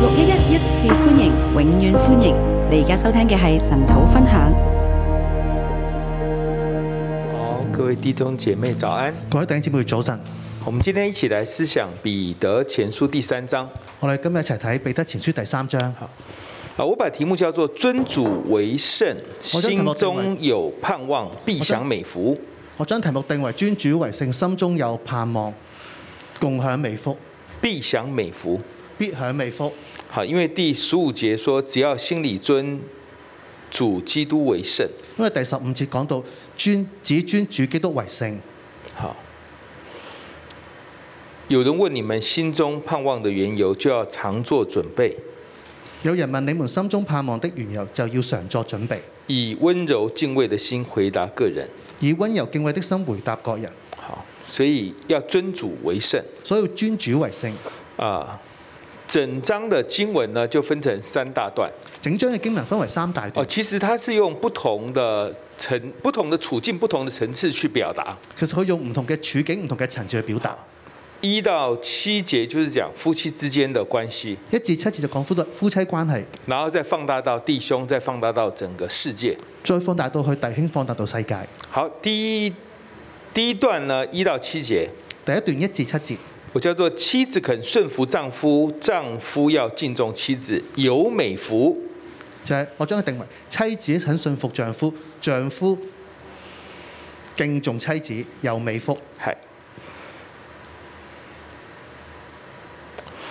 六一一一次歡迎，永遠歡迎！你而家收聽嘅係神土分享。好，各位弟兄姐妹早安，各位弟兄姊妹早晨。我們今天一起來思想彼得前書第三章。我哋今日一齊睇彼得前書第三章。好，啊，我把題目叫做尊主為聖，心中有盼望，必享美福。我將題目定為，目定為尊主為聖，心中有盼望，共享美福，必享美福，必享美福。好，因為第十五節說，只要心裏尊主基督為聖。因為第十五節講到尊，只尊主基督為聖。好，有人問你們心中盼望的緣由，就要常做準備。有人問你們心中盼望的緣由，就要常做準備。以温柔敬畏的心回答各人。以温柔敬畏的心回答各人。好，所以要尊主為聖。所以要尊主為聖。啊。整張的經文呢，就分成三大段。整張嘅經文分為三大段。哦，其實它是用不同的層、不同的處境、不同的層次去表達，其實可以用唔同嘅處境、唔同嘅層次去表達。一到七節就是講夫妻之間嘅關係，一至七節就講夫夫妻關係，然後再放大到弟兄，再放大到整個世界，再放大到去弟兄，放大到世界。好，第一，第一段呢，一到七節，第一段一至七節。我叫做妻子肯順服丈夫，丈夫要敬重妻子，有美福。就係、是、我將佢定為妻子肯順服丈夫，丈夫敬重妻子，有美福。係。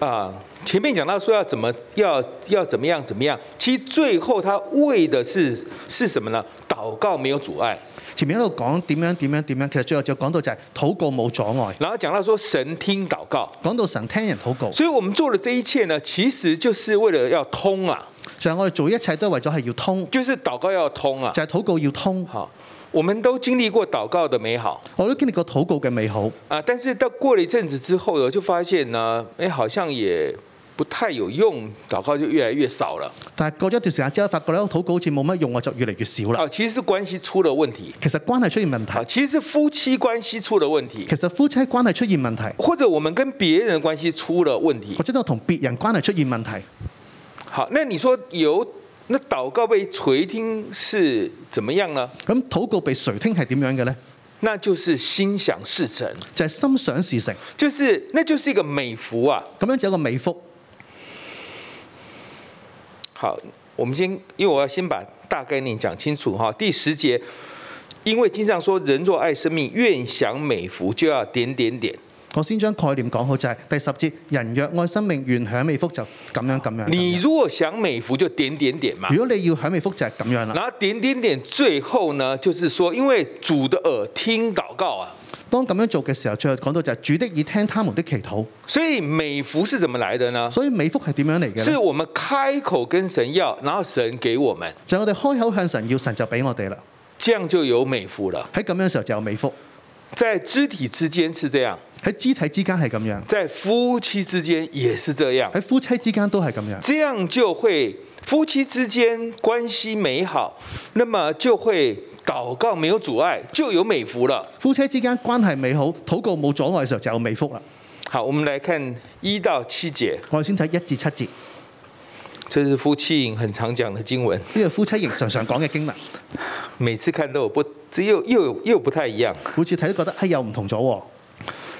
啊！前面講到說要怎麼要要怎麼樣怎麼樣，其實最後他為的是是什麼呢？禱告沒有阻礙。前面喺度講點樣點樣點樣，其實最後就講到就係禱告冇阻礙，然後講到說神聽禱告，講到神聽人禱告。所以我們做的這一切呢，其實就是為了要通啊！就係我哋做一切都為咗係要通，就是禱告要通啊，就係禱告要通。好。我們都經歷過禱告的美好，我都經歷過禱告嘅美好啊！但是到過了一陣子之後，我就發現呢，誒、哎，好像也不太有用，禱告就越來越少了。但係過咗一段時間之後，發覺咧，我禱告好似冇乜用啊，就越嚟越少啦。啊，其實是關係出了問題。其實關係出現問題，其實是夫妻關係出了問，問題。其實夫妻關係出現問題，或者我們跟別人的關係出了問題，或者我同別人關係出現問題。好，那你說有？那禱告被垂聽是怎麼樣呢？咁禱告被垂聽係點樣嘅呢？那就是心想事成，就係、是、心想事成，就是，那就是一個美福啊！咁樣叫做美福。好，我們先，因為我要先把大概念講清楚哈。第十節，因為經上說，人若愛生命，願享美福，就要點點點。我先將概念講好，就係第十節：人若愛生命，願享美福，就咁樣咁樣。你如果想美福，就點點點嘛。如果你要享美福，就係咁樣啦。然後點點點，最後呢，就是說，因為主的耳聽禱告啊，當咁樣做嘅時候，最後講到就係主的耳聽他們的祈禱。所以美福是怎麼來的呢？所以美福係點樣嚟嘅？是我們開口跟神要，然後神給我們。就我哋開口向神要，神就俾我哋啦，這樣就有美福啦。喺咁樣時候就有美福。在肢體之間是這樣。喺肢體之間係咁樣，在夫妻之間也是這樣。喺夫妻之間都係咁樣，這樣就會夫妻之間關係美好，那麼就會禱告沒有阻礙，就有美福了。夫妻之間關係美好，禱告冇阻礙嘅時候就有美福啦。好，我們來看一到七節。我哋先睇一至七節，這是夫妻營很常講嘅經文。呢個夫妻營常常講嘅經文，每次看都有不，只有又又不太一樣。夫妻睇都覺得有，哎，又唔同咗。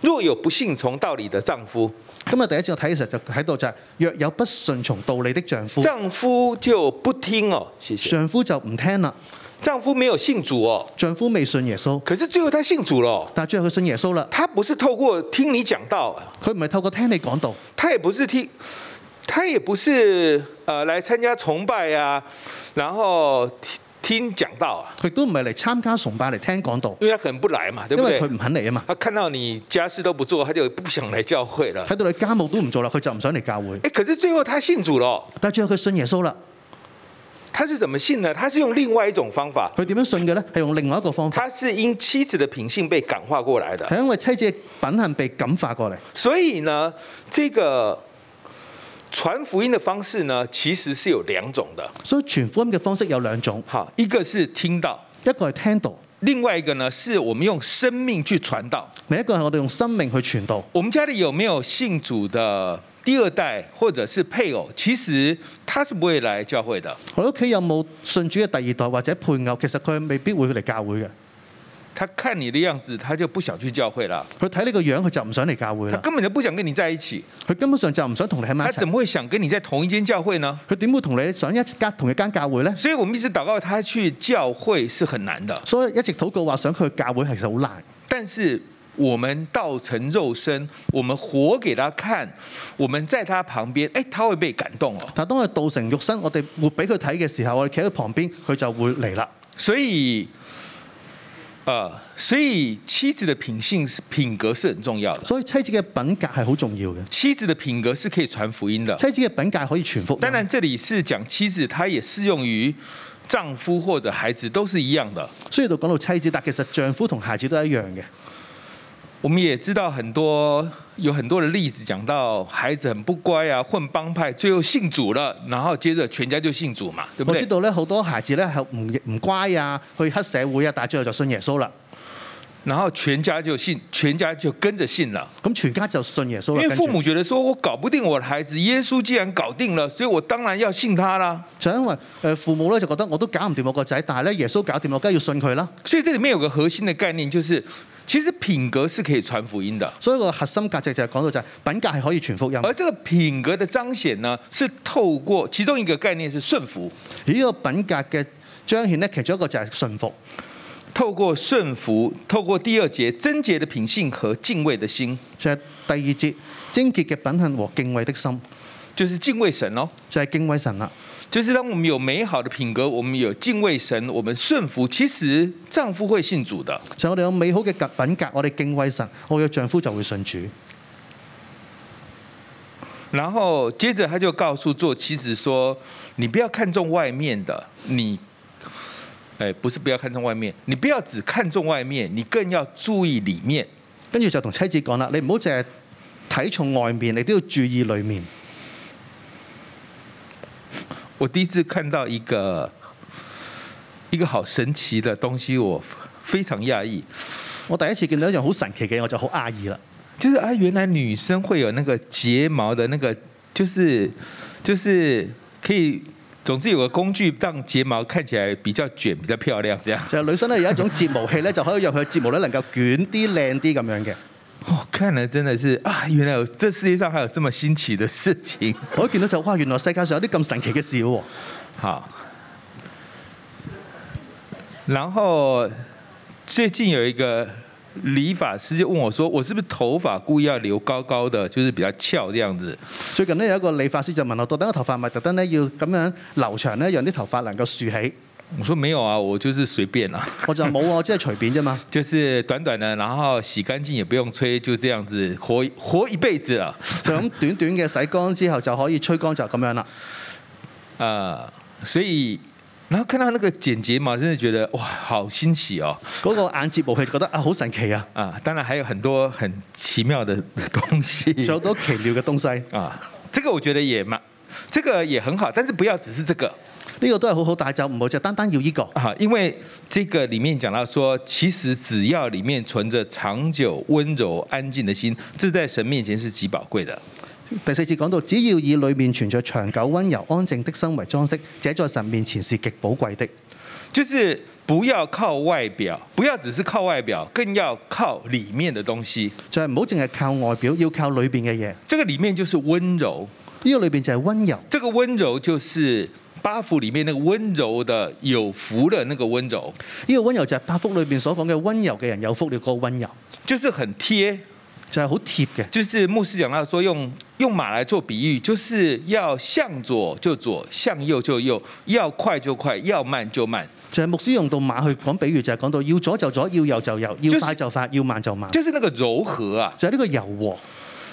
若有不信從道理的丈夫，咁啊第一次我睇嘅時候就喺度就係若有不順從道理的丈夫，丈夫就不聽哦，丈夫就唔聽啦，丈夫沒有信主哦，丈夫未信耶穌，可是最後他信主咯，但最後佢信耶穌啦，他不是透過聽你講道，佢唔係透過聽你講道，他也不是聽，他也不是誒來參加崇拜啊，然後。聽講道，啊，佢都唔係嚟參加崇拜嚟聽講道，因為佢可能不來嘛，對不對？因為佢唔肯嚟啊嘛，他看到你家事都不做，他就不想嚟教會啦。睇到你家務都唔做啦，佢就唔想嚟教會。誒，可是最後他信主咯，但最後佢信耶穌啦。他是怎麼信呢？他是用另外一種方法。佢點樣信嘅呢？係用另外一個方法。他是因妻子的品性被感化過來的，係因為妻子嘅品行被感化過嚟。所以呢，這個。傳福音的方式呢，其實是有兩種的。所以傳福音嘅方式有兩種，哈，一個是聽到，一個係聽到；另外一個呢，是我們用生命去傳道。每一個人我哋用生命去傳道。我們家裏有沒有信主的第二代或者是配偶？其實他是不會來教會的。我屋企有冇信主嘅第二代或者配偶？其實佢未必會嚟教會嘅。他看你的樣子，他就不想去教會了。佢睇你個樣，佢就唔想嚟教會了。他根本就不想跟你在一起。佢根本上就唔想同你喺埋一齊。他怎麼會想跟你在同一間教會呢？佢點會同你想一間同一間教會呢？所以我們一直禱告，他去教會是很難的。所以一直禱告話想佢去教會係好難的。但是我們道成肉身，我們活給他看，我們在他旁邊，誒、哎，他會被感動哦。但當我哋道成肉身，我哋活俾佢睇嘅時候，我哋企喺佢旁邊，佢就會嚟啦。所以。Uh, 所以妻子的品性是品格是很重要的，所以妻子嘅品格係好重要嘅。妻子的品格是可以傳福音的，妻子嘅品格可以傳福音。當然，這裏是講妻子，她也適用於丈夫或者孩子都是一樣的。所以就講到妻子，但其實丈夫同孩子都一樣嘅。我們也知道很多。有很多的例子講到孩子很不乖啊，混幫派，最後信主了，然後接着全家就信主嘛，對不對？我知道呢，好多孩子呢係唔唔乖啊，去黑社會啊，但最後就信耶穌了，然後全家就信，全家就跟着信了，咁全家就信耶穌了。因為父母覺得說我搞不定我的孩子，耶穌既然搞定了，所以我當然要信他啦。就因為父母呢，就覺得我都搞唔掂我個仔，但係呢，耶穌搞掂我梗係要信佢啦。所以這裡面有個核心的概念就是。其實品格是可以傳福音的，所以個核心價值就係講到在品格係可以傳福音。而這個品格的彰顯呢，是透過其中一個概念是順服。而一個品格嘅彰顯呢，其中一個就係順服。透過順服，透過第二節貞潔的品性和敬畏的心，即係第二節貞潔嘅品行和敬畏的心，就是敬畏神咯，就係敬畏神啦。就是當我們有美好的品格，我們有敬畏神，我們順服，其實丈夫會信主的。像我哋有美好嘅格品格，我哋敬畏神，我嘅丈夫就會信主。然後接着他就告訴做妻子說，你不要看重外面的，你，誒、哎，不是不要看重外面，你不要只看重外面，你更要注意裏面。跟住就同妻子講啦，你唔好淨係睇重外面，你都要注意裏面。我第一次看到一個一個好神奇的東西，我非常訝異。我第一次見到一樣好神奇嘅嘢，我就好訝異啦。就是啊，原來女生會有那個睫毛的那個，就是就是可以，總之有個工具，讓睫毛看起來比較捲、比較漂亮這樣，就是、女生呢有一種睫毛器呢， 就可以讓佢嘅睫毛呢能夠捲啲、靚啲咁樣嘅。我睇嚟真的是啊，原來這世界上還有這麼新奇的事情。我一見到就哇，原來世界上有啲咁神奇嘅事喎、啊。好，然後最近有一個理髮師就問我，說我是不是頭髮故意要留高高的，就是比較翹這樣子？最近呢，有一個理髮師就問我，到底我頭髮咪特登呢？要咁樣留長呢，讓啲頭髮能夠豎起？我說沒有啊，我就是隨便。啊，我就冇、啊、我真係隨便啫嘛。 就是短短的，然後洗乾淨也不用吹，就這樣子活一，活活一輩子啊！就 咁短短嘅洗乾之後就可以吹乾就咁樣啦。啊、呃，所以然後看到那個剪輯嘛，真的覺得哇，好新奇哦！嗰，那個眼睫毛係覺得啊，好神奇啊！啊、呃，當然還有很多很奇妙的東西，好 多奇妙嘅東西。啊、呃，這個我覺得也蠻，這個也很好，但是不要只是這個。呢、這個都係好好帶走，唔好就單單要呢、這個。啊，因為這個裏面講到說，其實只要裏面存着長久溫柔安靜的心，這在神面前是極寶貴的。第四次講到，只要以裏面存着長久溫柔安靜的心為裝飾，這在神面前是極寶貴的。就是不要靠外表，不要只是靠外表，更要靠裏面的東西。就係唔好淨係靠外表，要靠裏邊嘅嘢。這個裏面就是溫柔，呢、這個裏邊就係溫柔。這個溫柔就是。八福裏面那個溫柔的有福的那個溫柔，呢、這個溫柔就係八福裏面所講嘅溫柔嘅人有福了嗰個溫柔，就是很貼，就係好貼嘅。就是牧師講到說用用馬來做比喻，就是要向左就左，向右就右，要快就快，要慢就慢。就係牧師用到馬去講比喻，就係講到要左就左，要右就右，要快就快，要慢就慢。就是那個柔和啊，就係、是、呢個柔和。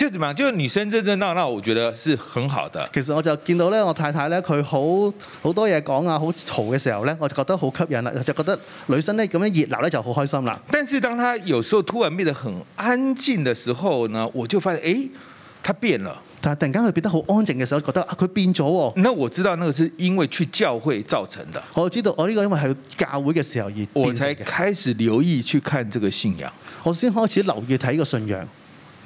就係點啊？就女生爭爭鬧鬧，我覺得是很好的。其實我就見到咧，我太太咧，佢好好多嘢講啊，好嘈嘅時候咧，我就覺得好吸引啦。我就覺得女生咧咁樣熱鬧咧就好開心啦。但是當她有時候突然變得很安靜嘅時候呢，我就發現誒、欸，她變了。但係突然間佢變得好安靜嘅時候，我覺得佢、啊、變咗、哦。那我知道那個是因為去教會造成的。我知道我呢個是因為係教會嘅時候而。我才開始留意去看這個信仰，我先開始留意睇個信仰。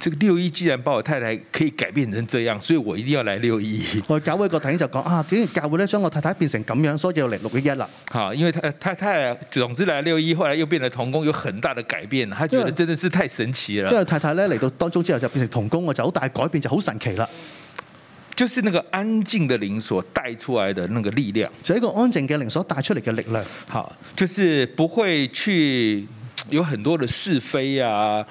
這個六一既然把我太太可以改變成這樣，所以我一定要來六一。我搞一個投就講啊，竟然教會咧將我太太變成咁樣，所以就嚟六一一啦。嚇，因為太太總之嚟六一，後來又變咗同工，有很大的改變，他覺得真的是太神奇了。因為，因為太太咧嚟到當中之後就變成同工，我就好大改變就好神奇啦，就是那個安靜的靈所帶出來的那個力量。就是，一個安靜嘅靈所帶出嚟嘅力量，就是不會去。有很多的是非啊，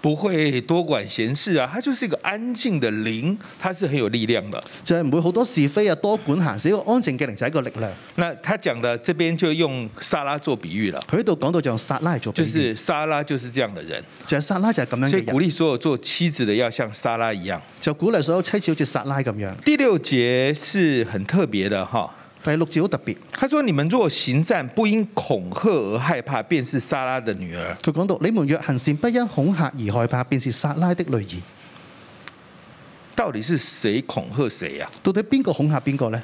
不會多管閒事啊，他就是一個安靜的靈，他是很有力量的。就係唔會好多是非啊，多管閒事，一個安靜嘅靈就係一個力量。那他講的這邊就用撒拉做比喻了，佢喺度講到就用撒拉做比喻，就是撒拉就是這樣的人，就是、撒拉就係咁樣。所以鼓勵所有做妻子的要像撒拉一樣，就鼓勵所有妻子要像撒拉咁樣。第六節是很特別的哈。第六字好特別，佢講你們若行善不因恐嚇而害怕，便是撒拉的女兒。佢講到你們若行善不因恐嚇而害怕，便是撒拉的女兒。到底係誰恐嚇誰呀、啊？到底邊個恐嚇邊個呢？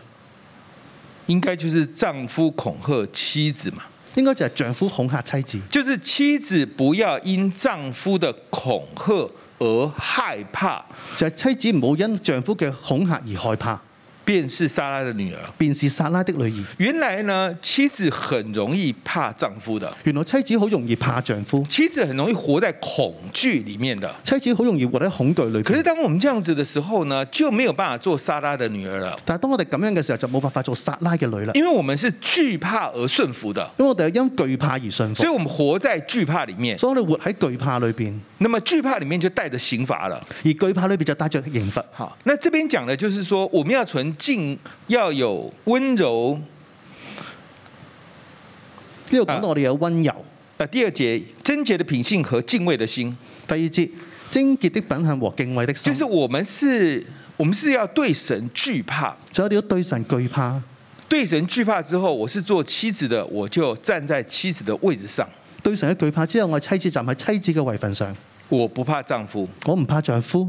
應該就是丈夫恐嚇妻子嘛？應該就係丈夫恐嚇妻子，就是妻子不要因丈夫的恐嚇而害怕，就係、是、妻子冇因丈夫嘅恐嚇而害怕。嗯，就是便是莎拉的女兒，便是莎拉的女兒。原來呢，妻子很容易怕丈夫的。原來妻子好容易怕丈夫，妻子很容易活在恐懼裏面的。妻子好容易活在恐懼裏面。可是當我們這樣子的時候呢，就沒有辦法做莎拉的女兒了。但當我哋咁樣嘅時候，就冇辦法做莎拉嘅女了。因為我們是懼怕而順服的，因為我哋係因懼怕而順服。所以我們活在懼怕裏面，所以我哋活喺懼怕裏邊。那麼懼怕裏面就帶着刑罰了，以懼怕裏邊就帶着刑罰。好，那這邊講的就是說我們要存。敬要有溫柔，要講到我哋有溫柔。啊，第二節貞潔的品性和敬畏的心。第二節貞潔的品行和敬畏的心，就是我們是，我們是要對神懼怕，主要要對神懼怕。對神懼怕之後，我是做妻子的，我就站在妻子的位置上。對神一懼怕之後，我妻子站喺妻子嘅位份上。我不怕丈夫，我唔怕丈夫。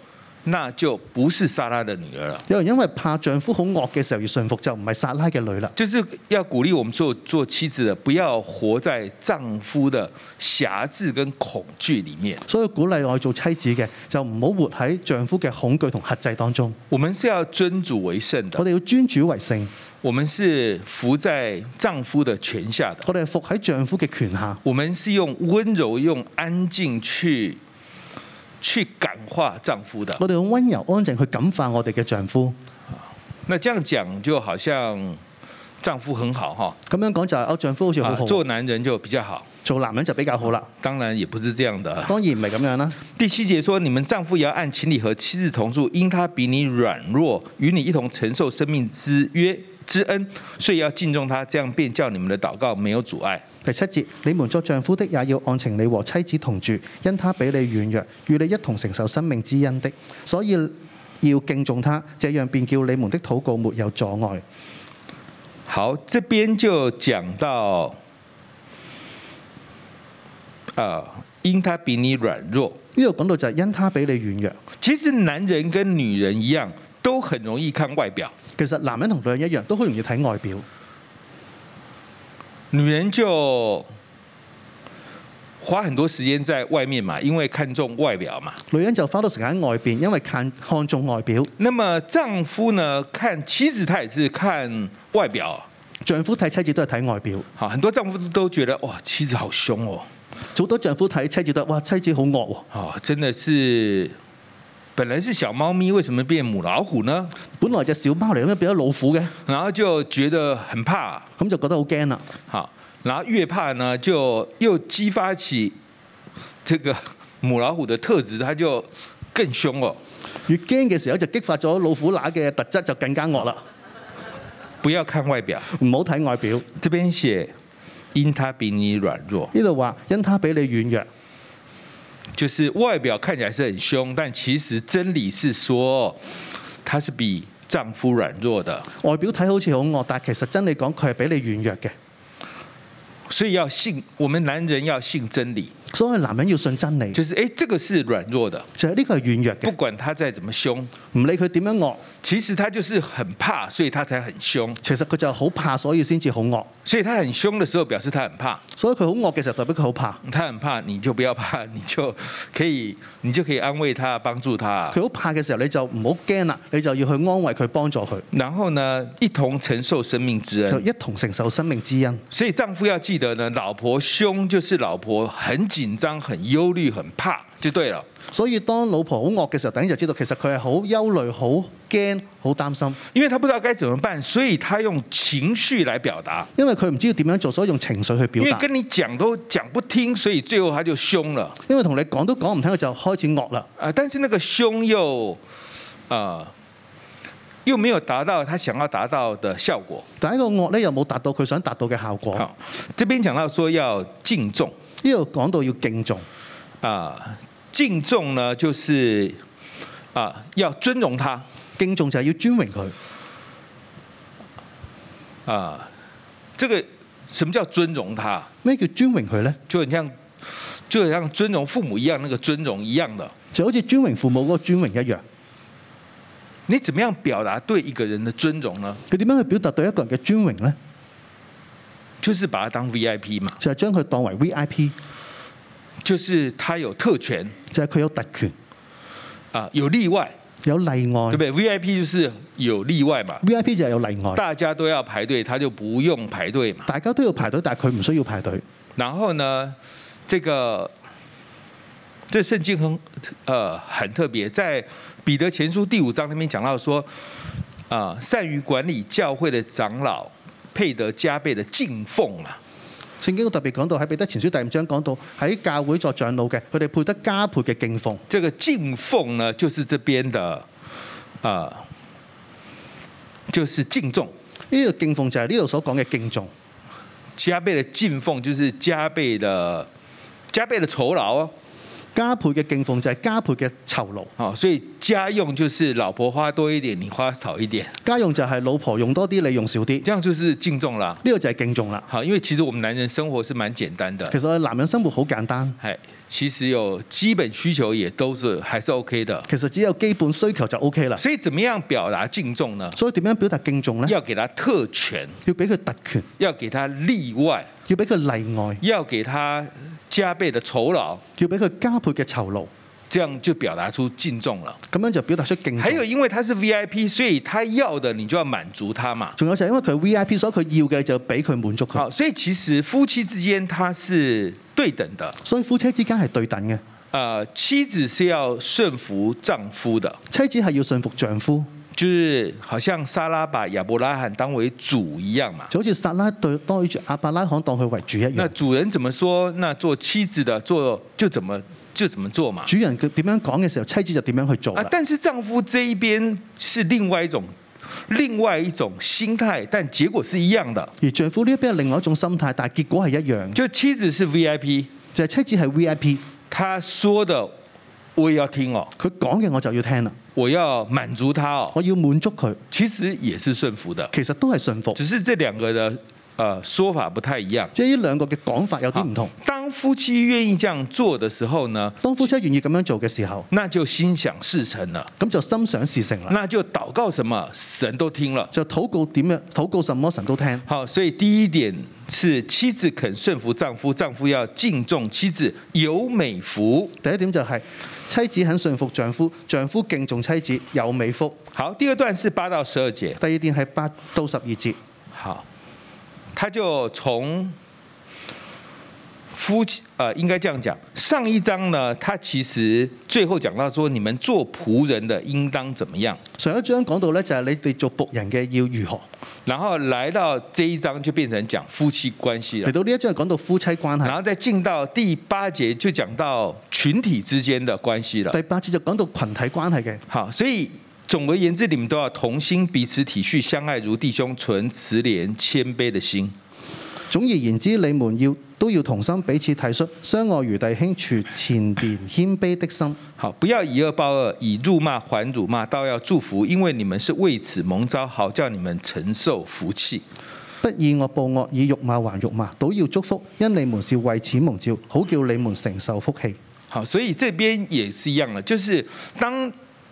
那就不是莎拉的女兒啦。就因為怕丈夫好惡嘅時候要順服，就唔係莎拉嘅女啦。就是要鼓勵我們做做妻子嘅，不要活在丈夫的轄制跟恐懼裏面。所以鼓勵我做妻子嘅，就唔好活喺丈夫嘅恐懼同轄制當中。我們是要尊主為聖的，我哋要尊主為聖。我們是服在丈夫的權下的，我哋係服喺丈夫嘅權下。我們是用溫柔、用安靜去。去感化丈夫的，我哋用溫柔安靜去感化我哋嘅丈夫。那這樣講就好像丈夫很好，哈。咁樣講就係我丈夫好似好好。做男人就比較好。做男人就比較好啦。當然也不是這樣的。當然唔係咁樣啦。第七節說：你們丈夫也要按情理和妻子同住，因他比你軟弱，與你一同承受生命之約。之恩，所以要敬重他，這樣便叫你們的禱告沒有阻礙。第七節，你們做丈夫的也要按情理和妻子同住，因他比你軟弱，與你一同承受生命之恩的，所以要敬重他，這樣便叫你們的禱告沒有阻礙。好，這邊就講到啊、呃，因他比你軟弱，呢度講到就因他比你軟弱。其實男人跟女人一樣。都很容易看外表，其實男人同女人一樣都好容易睇外表。女人就花很多時間在外面嘛，因為看重外表嘛。女人就花多時間喺外邊，因為看看重外表。那麼丈夫呢，看妻子他也是看外表，丈夫睇妻子都係睇外表。好，很多丈夫都覺得哇，妻子好凶哦。好多丈夫睇妻子覺得：「哇，妻子好惡喎。」哦，真的是。本來是小貓咪，為什麼變母老虎呢？本來隻小貓嚟，點解變咗老虎嘅？然後就覺得很怕，咁就覺得很怕好驚啦，吓！然後越怕呢，就又激發起這個母老虎的特質，它就更凶咯。越驚嘅時候就激發咗老虎乸嘅特質，就更加惡啦。不要看外表，唔好睇外表。這邊寫因他比你軟弱，呢度話因他比你軟弱。就是外表看起來是很凶，但其實真理是說她是比丈夫軟弱的。外表睇好似好惡，但其實真理講佢係比你軟弱嘅。所以要信，我們男人要信真理。所以男人要信真理，就是誒、欸，這個是軟弱的。就係、是、呢個係軟弱的，不管他再怎麼兇，唔理佢點樣惡，其實他就是很怕，所以他才很兇。其實佢就好怕，所以先至好惡。所以他很兇的時候，表示他很怕。所以佢好惡嘅時候，代表佢好怕。他很怕，你就不要怕，你就可以，你就可以安慰他，幫助他。佢好怕嘅時候，你就唔好驚啦，你就要去安慰佢，幫助佢。然後呢，一同承受生命之恩。就一同承受生命之恩。所以丈夫要記。老婆兇就是老婆很緊張、很憂慮、很怕就對了。所以當老婆好惡嘅時候，等於就知道其實佢係好憂慮、好驚、好擔心。因為他不知道該怎麼辦，所以他用情緒來表達。因為佢唔知道點樣做，所以用情緒去表達。因為跟你講都講不聽，所以最後他就兇了。因為同你講都講唔聽，佢就開始惡啦。但是那個兇又、呃又沒有達到他想要達到的效果，第一個樂呢，又冇達到佢想達到嘅效果。好，這邊講到說要敬重，呢個講到要敬重啊，敬重呢就是啊要尊榮他，敬重就係要尊榮佢啊。這個什麼叫尊榮他？咩叫尊榮佢呢，就好像就好像尊榮父母一樣，那個尊榮一樣的，就好似尊榮父母嗰個尊榮一樣。你怎麼樣表達對一個人的尊重呢？佢點樣去表達對一個人嘅尊榮呢？就是把他當 V.I.P 嘛，就係將佢當為 V.I.P，就是他有特權，就係佢有特權，啊有例外，有例外，對唔對？V.I.P 就是有例外嘛，V.I.P 就係有例外，大家都要排隊，他就不用排隊嘛，大家都要排隊，但係佢唔需要排隊。然後呢，這個。這聖經很，呃，很特別，在彼得前書第五章裏面講到說，啊、呃，善於管理教會的長老，配得加倍的敬奉啊。聖經我特別講到，喺彼得前書第五章講到，喺教會作長老嘅，佢哋配得加倍嘅敬奉。這個敬奉呢，就是這邊嘅，啊、呃，就是敬重。呢、這個敬奉就係呢度所講嘅敬重，加倍嘅敬奉就是加倍嘅加倍嘅酬勞哦。加倍嘅敬奉就係加倍嘅酬勞，好，所以家用就是老婆花多一點，你花少一點；家用就係老婆用多啲，你用少啲，這樣就是敬重啦。呢個就係敬重啦。好，因為其實我們男人生活是蠻簡單的。其實男人生活好簡單，係，其實有基本需求也都是還是 OK 的。其實只有基本需求就 OK 啦。所以怎麼樣表達敬重呢？所以點樣表達敬重呢？要給他特權，要俾佢特權，要給他例外，要俾佢例外，要給他例外。要給他加倍的酬勞，就俾佢加倍嘅酬勞，這樣就表達出敬重了。咁樣就表達出敬重。還有，因為他是 V I P，所以他要的你就要滿足他嘛。仲有就因為佢 V I P，所以佢要嘅就俾佢滿足佢。好，所以其實夫妻之間他是對等的。所以夫妻之間係對等嘅。呃，妻子是要順服丈夫的。妻子係要順服丈夫。就是好像莎拉把亞伯拉罕當為主一樣嘛，就好似莎拉對待住阿伯拉罕當佢為主一樣。那主人怎麼說，那做妻子的做就怎麼就怎麼做嘛？主人佢點樣講嘅時候，妻子就點樣去做。啊，但是丈夫這一邊是另外一種，另外一種心態，但結果是一樣的。而丈夫呢一邊係另外一種心態，但結果係一樣。就妻子是 VIP，就係妻子係 VIP，他說的我要聽哦，佢講嘅我就要聽啦。我要滿足他哦，我要滿足佢，其實也是順服的，其實都係順服，只是這兩個的說法不太一樣，即係呢兩個嘅講法有啲唔同。當夫妻願意這樣做的時候呢，當夫妻願意咁樣做嘅時候，那就心想事成了，咁就心想事成了。那就禱告什麼，神都聽了，就禱告點樣，禱告什麼神都聽了。好，所以第一點是妻子肯順服丈夫，丈夫要敬重妻子，有美福。第一點就係、是。妻子很順服丈夫，丈夫敬重妻子，有美福。好，第二段是八到十二節。第二段係八到十二節。好，他就從。夫妻啊、呃，應該這樣講。上一章呢，他其實最後講到說，你們做僕人的應當怎麼樣？上一章講到呢，就是你哋做僕人嘅要如何，然後來到這一章就變成講夫妻關係了。嚟到呢一章就講到夫妻關係，然後再進到第八節就講到群體之間的關係了。第八節就講到群體關係嘅。好，所以總而言之，你們都要同心，彼此體恤，相愛如弟兄，存慈憐謙卑的心。總而言之，你們要。都要同心，彼此體恤，相愛如弟兄，存謙卑的心。好，不要以惡報惡，以辱罵還辱罵，倒要祝福，因為你們是為此蒙召，好叫你們承受福氣。不以惡報惡，以辱罵還辱罵，倒要祝福，因你們是為此蒙召，好叫你們承受福氣。好，所以這邊也是一樣的，就是當。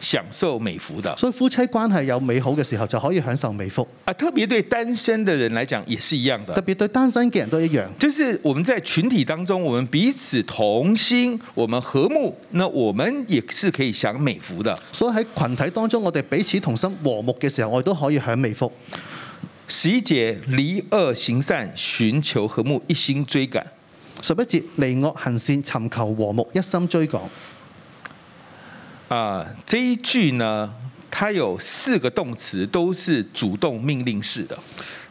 享受美福的。所以夫妻關係有美好嘅時候，就可以享受美福。啊，特別對單身嘅人來講也是一樣的，特別對單身嘅人都一樣。就是我們在群體當中，我們彼此同心，我們和睦，那我們也是可以享美福的。所以喺群體當中，我哋彼此同心和睦嘅時候，我哋都可以享美福。十一節離惡行善，尋求和睦，一心追趕。十一節離惡行善，尋求和睦，一心追趕。啊，這一句呢，它有四個動詞都是主動命令式的。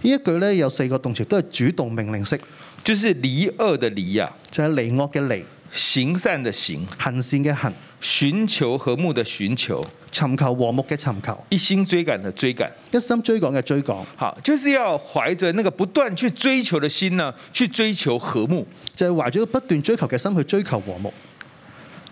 呢句呢，有四個動詞都是主動命令式，就是離惡的離呀、啊，就係離惡嘅離；行善的行，行善嘅行；尋求和睦的尋求，尋求和睦嘅尋求；一心追趕的追趕，一心追趕嘅追趕。好，就是要懷着那個不斷去追求的心呢，去追求和睦，就係懷着個不斷追求嘅心去追求和睦。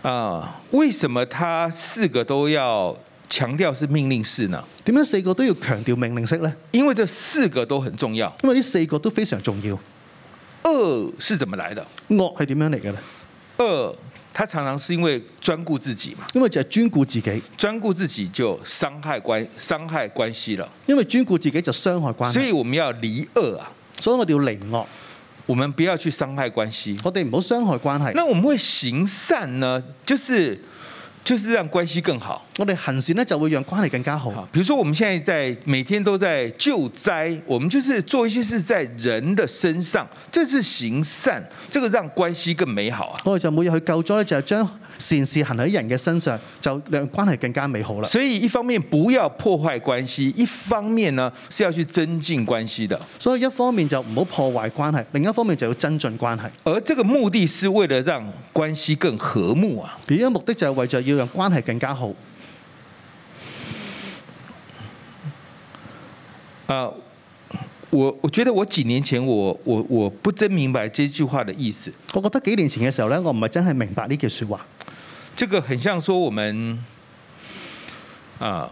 啊，為什麼他四個都要強調是命令式呢？點樣四個都要強調命令式呢？因為這四個都很重要，因為呢四個都非常重要。惡是怎麼來的？惡係點樣嚟嘅呢？惡，他常常是因為專顧自己嘛。因為就係專顧自己，專顧自己就傷害關傷害關係了。因為專顧自己就傷害關係，所以我們要離惡啊。所以我哋要離惡。我們不要去傷害關係，我哋唔好傷害關係。那我們會行善呢？就是就是讓關係更好。我哋行善呢就會讓關係更加好。比如說，我們現在在每天都在救災，我們就是做一些事在人的身上，這，就是行善，這個讓關係更美好啊。我哋就每日去救災，就將、是。善事行喺人嘅身上，就令關係更加美好啦。所以一方面不要破壞關係，一方面呢是要去增進關係的。所以一方面就唔好破壞關係，另一方面就要增進關係。而這個目的是為了讓關係更和睦啊！別人嘅目的就係為咗要讓關係更加好。啊、uh,。我我覺得我幾年前我我我不真明白這句話的意思。我覺得幾年前嘅時候呢，我唔係真係明白呢句說話。這個很像說我們啊，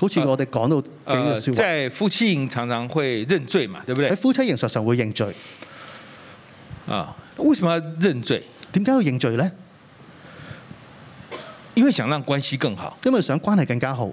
好似我哋講到幾個說話。誒、啊，在夫妻營常常會認罪嘛，對不對？喺夫妻營上上會認罪啊？為什麼要認罪？點解要認罪呢？因為想讓關係更好，因為想關係更加好。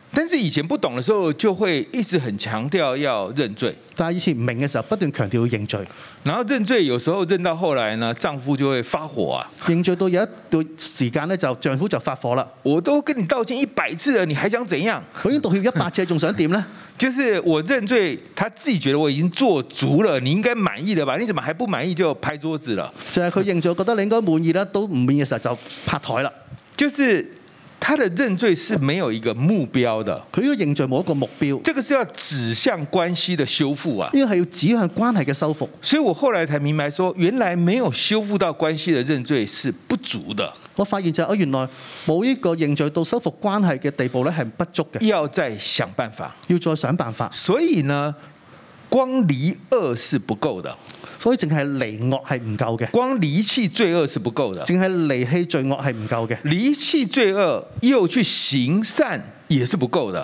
但是以前不懂的時候，就會一直很強調要認罪。大家以前明嘅時候，不斷強調要認罪。然後認罪有時候認到後來呢，丈夫就會發火啊。認罪都有一段時間呢，就丈夫就發火了。我都跟你道歉一百次了，你還想怎樣？我用道歉一百次，你仲想點呢？ 就是我認罪，他自己覺得我已經做足了，你應該滿意了吧？你怎麼還不滿意就拍桌子了？就係佢認罪，覺得你應該滿意啦，都唔滿意嘅時候就拍台啦。就是。他的認罪是沒有一個目標的，佢個認罪冇一個目標，這個是要指向關係的修復啊，因為係要指向關係嘅修復，啊。所以我後來才明白，說原來沒有修復到關係嘅認罪是不足的。我發現就係，原來冇一個認罪到修復關係嘅地步呢，係不足嘅，要再想辦法，要再想辦法。所以呢，光離惡是不夠的，所以淨係離惡係唔夠嘅。光離棄罪惡是不夠嘅，淨係離棄罪惡係唔夠嘅。離棄罪惡又去行善也是不夠嘅。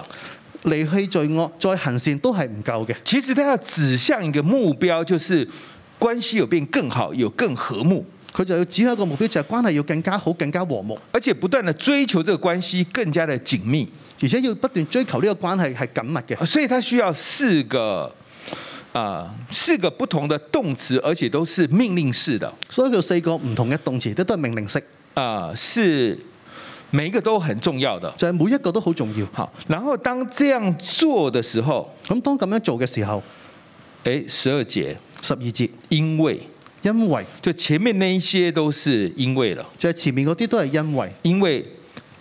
離棄罪惡再行善都係唔夠嘅。其實他要指向一個目標，就是關係有變更好，有更和睦。佢就要指向一個目標，就係關係要更加好、更加和睦，而且不斷的追求這個關係更加的緊密，而且要不斷追求呢個關係係緊密嘅。所以，他需要四個。啊，四個不同的動詞，而且都是命令式的，所以有四個唔同嘅動詞，都係命令式。啊、呃，是每一個都很重要嘅，就係、是、每一個都好重要。好，然後當這樣做的時候，咁當咁樣做嘅時候，誒、欸，十二節，十二節，因為，因為，就前面那一些都是因為了，就係、是、前面嗰啲都係因為，因為。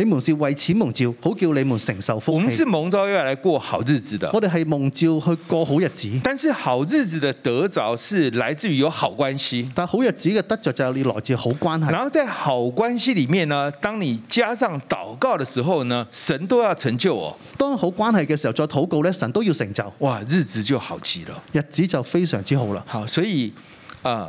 你們是為此蒙召，好叫你們承受福氣。我們是蒙召要來過好日子的，我哋係蒙召去過好日子。但是好日子的得着是來自於有好關係。但是好日子嘅得着就係來自好關係。然後在好關係裏面呢，當你加上禱告的時候呢，神都要成就哦。當好關係嘅時候再禱告咧，神都要成就。哇，日子就好極了，日子就非常之好了。好，所以啊。呃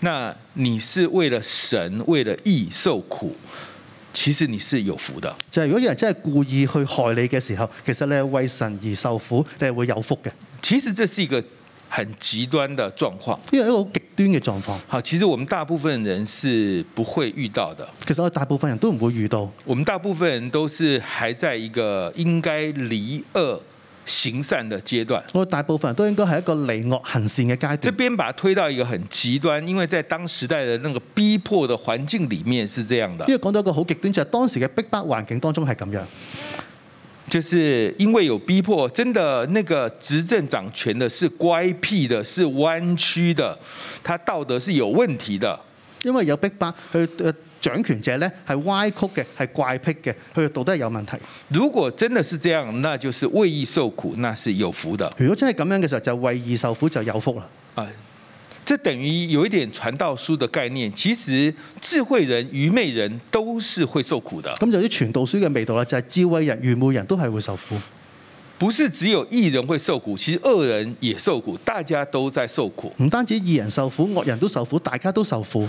那你是為了神、為了義受苦，其實你是有福的。如果有人真係故意去害你嘅時候，其實咧為神而受苦，你係會有福嘅。其實這是一個很極端的狀況，因為一個好極端嘅狀況。好，其實我們大部分人是不會遇到的。其實我哋大部分人都唔會遇到。我們大部分人都是還在一個應該離惡。行善的階段，我大部分都應該是一個離惡行善嘅階段。這邊把它推到一個很極端，因為在當時代的那個逼迫的環境裏面是這樣的。因為講到一個好極端，就係當時嘅逼迫環境當中係咁樣，就是因為有逼迫，真的那個執政掌權的是乖僻的，是彎曲的，他道德是有問題的。因為有逼迫，佢誒掌權者咧係歪曲嘅，係怪癖嘅，佢嘅道德係有問題。如果真的是這樣，那就是為義受苦，那是有福的。如果真係咁樣嘅時候，就為義受苦就有福啦。啊，這等於有一點傳道書的概念。其實智慧人、愚昧人都是會受苦的。咁就有啲傳道書嘅味道啦，就係智慧人、愚昧人都係會受苦。不是只有義人會受苦，其實惡人也受苦，大家都在受苦。唔單止義人受苦，惡人都受苦，大家都受苦。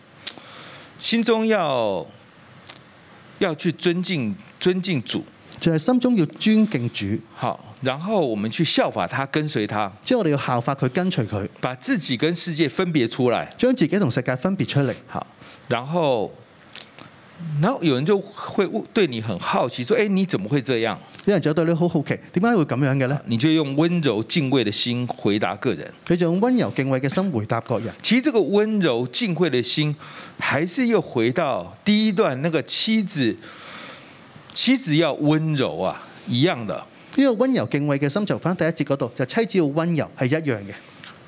心中要要去尊敬尊敬主，就係心中要尊敬主。好，然後我們去效法他，跟隨他。即係我哋要效法佢，跟隨佢，把自己跟世界分別出來，將自己同世界分別出嚟。好，然後。然後有人就會對你很好奇，說：誒、哎，你怎麼會這樣？有人就對你好好奇，點解會咁樣嘅呢？你就用温柔敬畏的心回答個人。佢就用温柔敬畏嘅心回答各人。其實這個温柔敬畏的心，還是要回到第一段那個妻子，妻子要温柔啊，一樣嘅。呢、這個温柔敬畏嘅心就返第一節嗰度，就妻子要温柔係一樣嘅。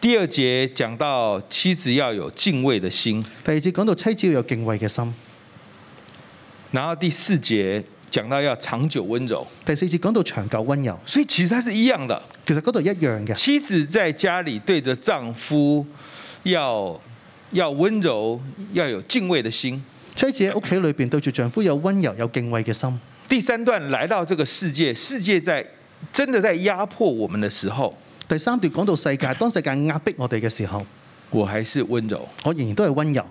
第二節講到妻子要有敬畏嘅心，第二節講到妻子要有敬畏嘅心。然後第四節講到要長久溫柔，第四節講到長久溫柔，所以其實它是一樣的，其實嗰度一樣嘅。妻子在家裏對着丈夫要要溫柔，要有敬畏的心。妻子喺屋企裏邊對住丈夫有溫柔、有敬畏嘅心。第三段來到這個世界，世界在真的在壓迫我們的時候，第三段講到世界， 當世界壓迫我哋嘅時候，我還是溫柔，我仍然都係溫柔。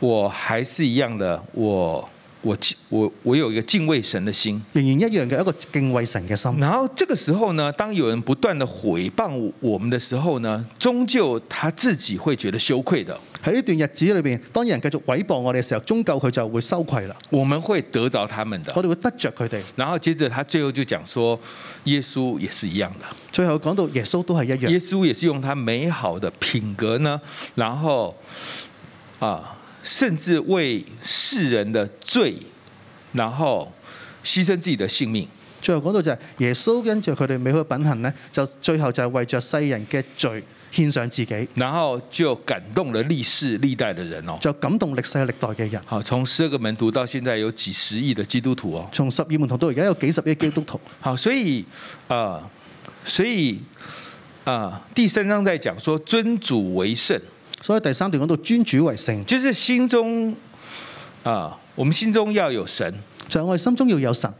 我還是一樣的，我我敬我我有一個敬畏神的心。仍然一樣嘅一個敬畏神嘅心。然後這個時候呢，當有人不斷的毀謗我們的時候呢，終究他自己會覺得羞愧的。喺呢段日子裏邊，當有人繼續毀謗我哋嘅時候，終究佢就會羞愧啦。我們會得着他們的，我哋會得着佢哋。然後接着他最後就講說，耶穌也是一樣的。最後講到耶穌都係一樣，耶穌也是用他美好的品格呢。然後，啊。甚至為世人的罪，然後犧牲自己的性命。最後講到就係耶穌跟住佢哋美好嘅品行呢，就最後就係為着世人嘅罪獻上自己，然後就感動了歷世歷代嘅人哦。就感動歷世歷代嘅人。好，從十二個門徒到現在有幾十億嘅基督徒哦。從十二門徒到而家有幾十億基督徒。好，所以啊、呃，所以啊、呃，第三章再講說尊主為聖。所以第三段講到尊主為聖，就是心中啊，我們心中要有神，在我們心中要有神，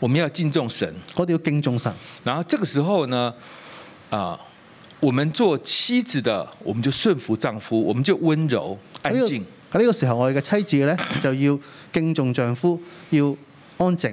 我們要敬重神，我們要敬重神。然後這個時候呢，啊，我們做妻子的，我們就順服丈夫，我們就溫柔安靜。喺呢、這個、個時候，我哋嘅妻子呢，就要敬重丈夫，要安靜。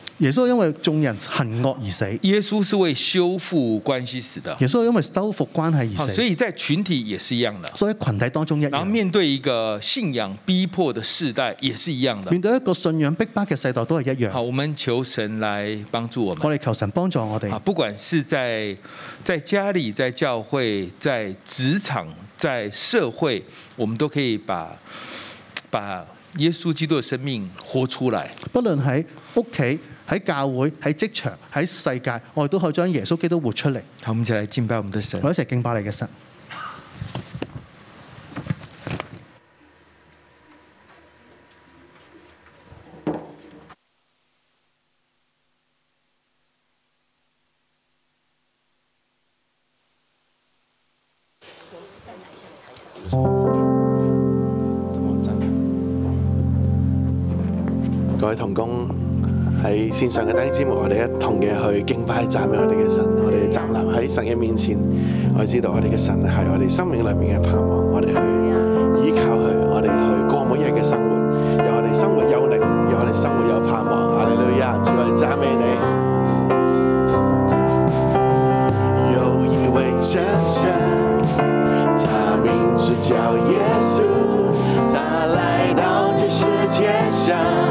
耶穌是因為眾人恨惡而死，耶穌是為修復關係死的。耶穌是因為修復關係而死，所以在群體也是一樣的。所以在群體當中一樣，然後面對一個信仰逼迫的世代也是一樣的。面對一個信仰逼迫的世代也是一樣的。好，我們求神來幫助我們。我哋求神幫助我哋。啊，不管是在在家裏、在教會、在職場、在社會，我們都可以把把耶穌基督嘅生命活出來。不論喺屋企，喺教會、喺職場、喺世界，我哋都可以將耶穌基督活出嚟。感、嗯、謝你，你，占煎包咁多神，我一齊敬拜你嘅神。線上嘅弟兄姊妹，我哋一同嘅去敬拜讚美我哋嘅神，我哋站立喺神嘅面前，我哋知道我哋嘅神係我哋生命裏面嘅盼望，我哋去依靠佢，我哋去過每一日嘅生活，有我哋生活有力，有我哋生活有盼望。阿里利亞，主我哋讚美你。有一位真神，他名字叫耶穌，他來到這世界上。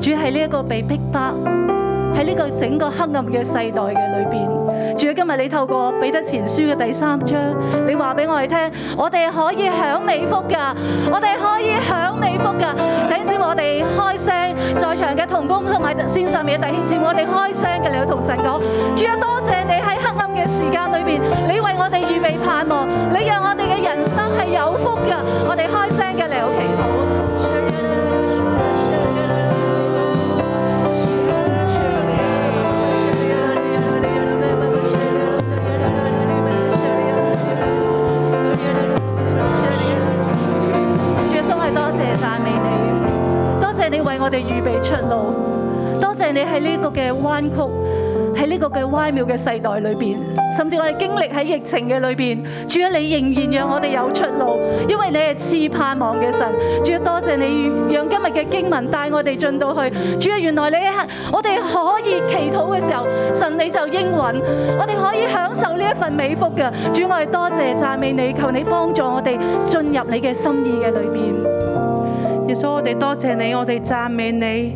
主喺呢一個被逼迫喺呢個整個黑暗嘅世代嘅裏邊，主喺今日你透過彼得前書嘅第三章，你話俾我哋聽，我哋可以享美福噶，我哋可以享美福噶，請止我哋開聲，在場嘅同工同埋線上面弟兄姊妹，我哋開聲嘅嚟，同神講，主啊，多謝你喺黑暗嘅時間裏邊，你為我哋預備盼望，你讓我哋嘅人生係有福噶，我哋開聲嘅你好祈禱。你為我哋預備出路，多謝你喺呢個嘅彎曲，喺呢個嘅歪妙嘅世代裏邊，甚至我哋經歷喺疫情嘅裏邊，主啊，你仍然讓我哋有出路，因為你係賜盼望嘅神。主啊，多謝你讓今日嘅經文帶我哋進到去。主啊，原來你一刻我哋可以祈禱嘅時候，神你就應允，我哋可以享受呢一份美福嘅。主，我哋多謝讚美你，求你幫助我哋進入你嘅心意嘅裏邊。所以我哋多謝你，我哋讚美你。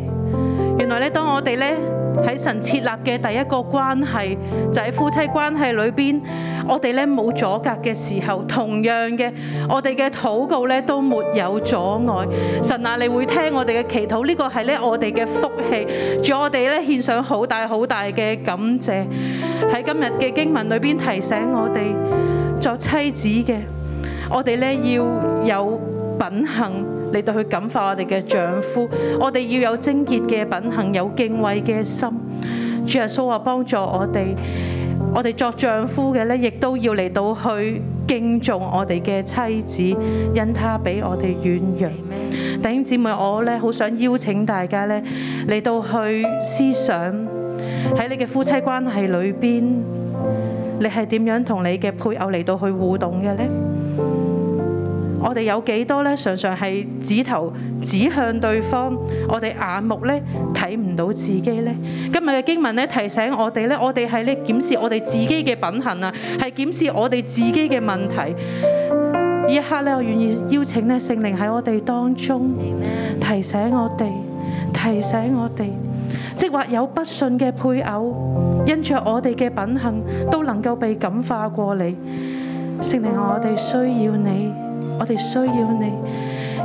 原來咧，當我哋咧喺神設立嘅第一個關係，就喺夫妻關係裏邊，我哋咧冇阻隔嘅時候，同樣嘅，我哋嘅禱告咧都沒有阻礙。神啊，你會聽我哋嘅祈禱，呢個係咧我哋嘅福氣，仲有我哋咧獻上好大好大嘅感謝。喺今日嘅經文裏邊，提醒我哋作妻子嘅，我哋咧要有品行。嚟到去感化我哋嘅丈夫，我哋要有貞潔嘅品行，有敬畏嘅心。主耶穌話，幫助我哋，我哋作丈夫嘅咧，亦都要嚟到去敬重我哋嘅妻子，因他俾我哋軟弱。弟兄姊妹，我咧好想邀請大家咧嚟到去思想，喺你嘅夫妻關係裏邊，你係點樣同你嘅配偶嚟到去互動嘅咧？我哋有幾多呢？常常係指頭指向對方，我哋眼目呢，睇唔到自己呢。今日嘅經文呢，提醒我哋呢，我哋係呢檢視我哋自己嘅品行啊，係檢視我哋自己嘅問題。一刻呢，我願意邀請呢聖靈喺我哋當中提醒我哋，提醒我哋，即或有不信嘅配偶，因着我哋嘅品行都能夠被感化過嚟。聖靈，我哋需要你。我哋需要你，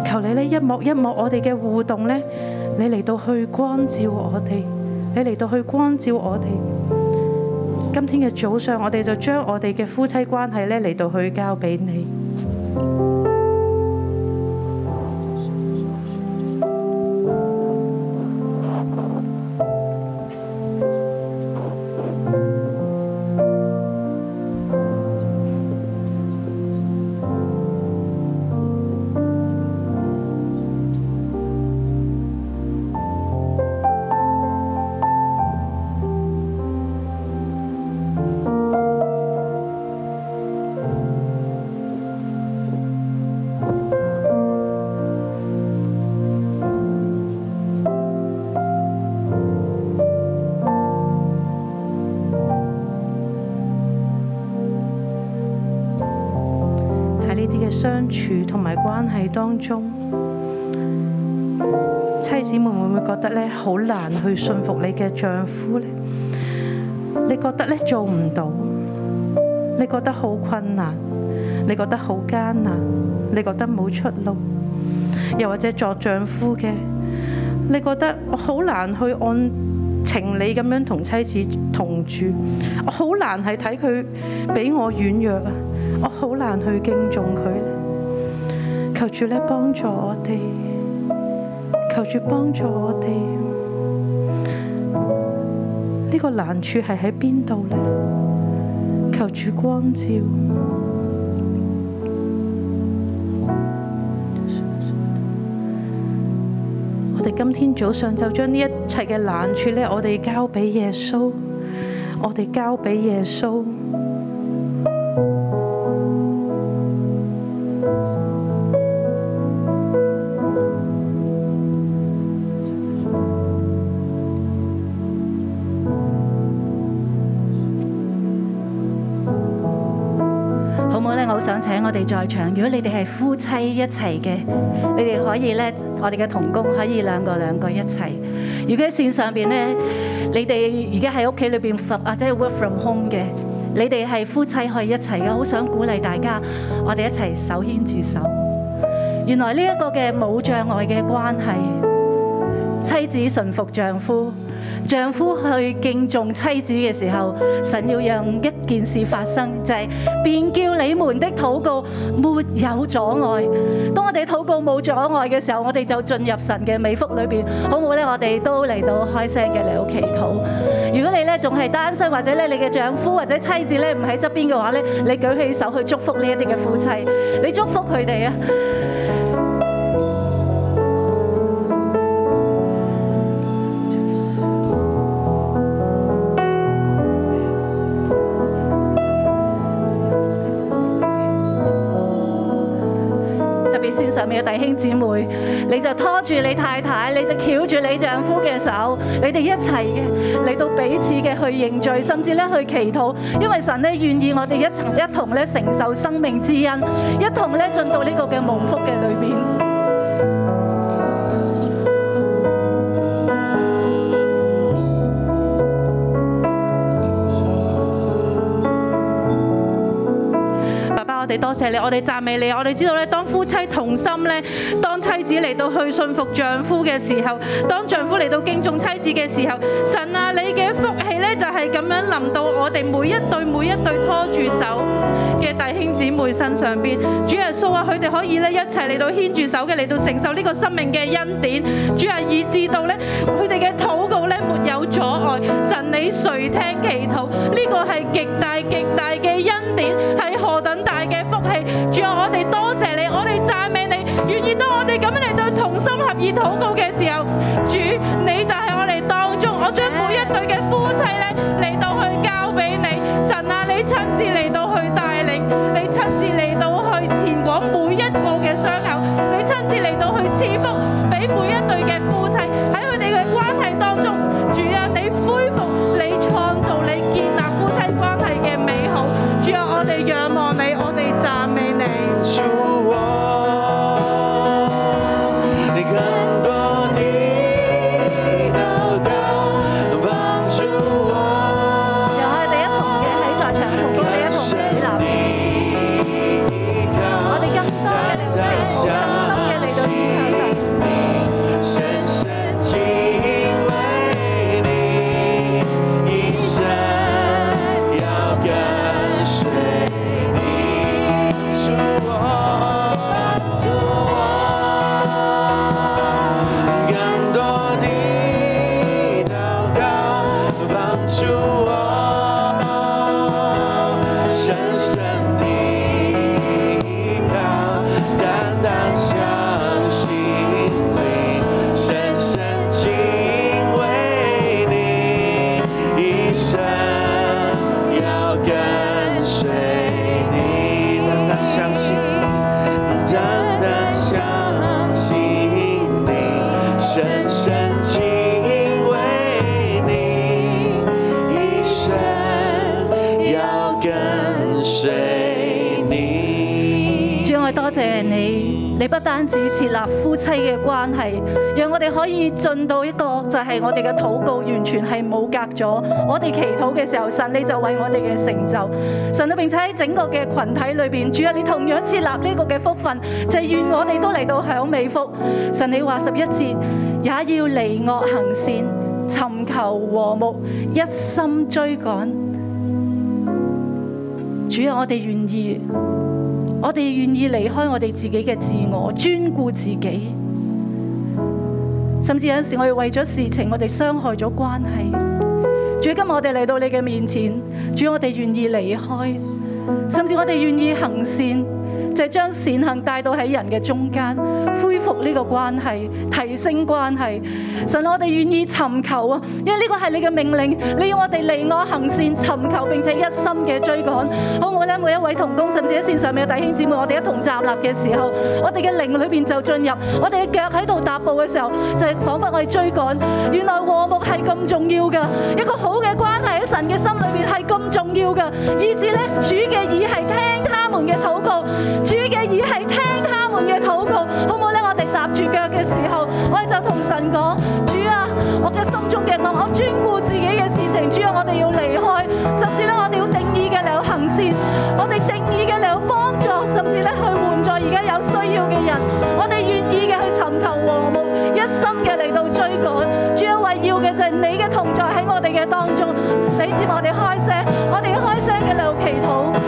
求你呢一幕一幕我哋嘅互動呢，你嚟到去光照我哋，你嚟到去光照我哋。今天嘅早上，我哋就將我哋嘅夫妻關係呢嚟到去交俾你。難去信服你嘅丈夫咧？你覺得咧做唔到？你覺得好困難？你覺得好艱難？你覺得冇出路？又或者作丈夫嘅，你覺得我好難去按情理咁樣同妻子同住？我好難係睇佢俾我軟弱啊！我好難去敬重佢。求主咧幫助我哋，求主幫助我哋。這個難處係喺邊度呢？求主光照。我哋今天早上就將呢一切嘅難處呢，我哋交俾耶穌，我哋交俾耶穌。在場，如果你哋係夫妻一齊嘅，你哋可以咧，我哋嘅同工可以兩個兩個一齊。如果喺線上邊咧，你哋而家喺屋企裏邊或者 work from home 嘅，你哋係夫妻可以一齊嘅。好想鼓勵大家，我哋一齊手牽住手。原來呢一個嘅冇障礙嘅關係，妻子順服丈夫，丈夫去敬重妻子嘅時候，神要讓一件事發生，就係便叫你們的禱告沒有阻礙。當我哋禱告冇阻礙嘅時候，我哋就進入神嘅美福裏邊，好唔好咧？我哋都嚟到開聲嘅嚟到祈禱。如果你咧仲係單身，或者咧你嘅丈夫或者妻子咧唔喺側邊嘅話咧，你舉起手去祝福呢一啲嘅夫妻，你祝福佢哋啊！你嘅弟兄姊妹，你就拖住你太太，你就翹住你丈夫嘅手，你哋一齊嘅嚟到彼此嘅去認罪，甚至咧去祈禱，因為神咧願意我哋一層一同咧承受生命之恩，一同咧進到呢個嘅蒙福嘅裏面。我哋多謝你，我哋讚美你，我哋知道咧，當夫妻同心咧，當妻子嚟到去信服丈夫嘅時候，當丈夫嚟到敬重妻子嘅時候，神啊，你嘅福氣咧就係咁樣臨到我哋每一對每一對拖住手嘅弟兄姊妹身上邊，主耶穌啊，佢哋可以咧一齊嚟到牽住手嘅嚟到承受呢個生命嘅恩典，主耶穌以至到咧，佢哋嘅禱告。沒有阻礙，神你垂聽祈禱，呢個係極大極大嘅恩典，係何等大嘅福氣！主啊，我哋多謝你，我哋讚美你。願意當我哋咁樣嚟到同心合意禱告嘅時候，主你就係我哋當中。我將每一對嘅夫妻咧嚟到去交俾你，神啊，你親自嚟到去。咗，我哋祈禱嘅時候，神你就為我哋嘅成就，神啊，並且喺整個嘅群體裏邊，主啊，你同樣設立呢個嘅福分，就係願我哋都嚟到享美福。神你話十一節，也要離惡行善，尋求和睦，一心追趕。主啊，我哋願意，我哋願意離開我哋自己嘅自我，專顧自己。甚至有陣時，我哋為咗事情，我哋傷害咗關係。如今我哋嚟到你嘅面前，主，我哋願意離開，甚至我哋願意行善，就係將善行帶到在人嘅中間。恢復呢個關係，提升關係，神，我哋願意尋求啊，因為呢個係你嘅命令，你要我哋離我行善尋求，並且一心嘅追趕。好唔好咧？每一位同工，甚至喺線上面嘅弟兄姊妹，我哋一同站立嘅時候，我哋嘅靈裏邊就進入，我哋嘅腳喺度踏步嘅時候，就係仿佛我哋追趕。原來和睦係咁重要嘅，一個好嘅關係喺神嘅心裏面係咁重要嘅，以致咧主嘅耳係聽他們嘅禱告，主嘅耳係聽他。嘅禱告，好唔好咧？我哋踏住腳嘅時候，我哋就同神講：「主啊，我嘅心中嘅我，我專顧自己嘅事情。主要、啊、我哋要離開，甚至咧我哋要定義嘅嚟有行善，我哋定義嘅嚟有幫助，甚至咧去援助而家有需要嘅人。我哋願意嘅去尋求和睦，一心嘅嚟到追趕。主要我要嘅就係你嘅同在喺我哋嘅當中，俾住我哋開聲，我哋開聲嘅嚟有祈禱。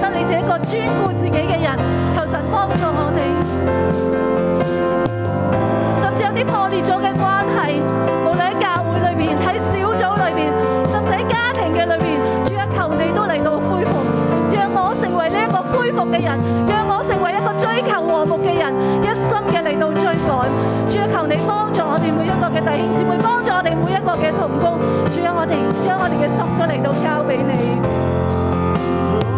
得你這個專顧自己嘅人，求神幫助我哋。甚至有啲破裂咗嘅關係，無論喺教會裏面、喺小組裏面，甚至喺家庭嘅裏面，主啊，求你都嚟到恢復。讓我成為呢一個恢復嘅人，讓我成為一個追求和睦嘅人，一心嘅嚟到追趕。主啊，求你幫助我哋每一個嘅弟兄姊妹，幫助我哋每一個嘅同工。主啊，我哋將我哋嘅心都嚟到交俾你。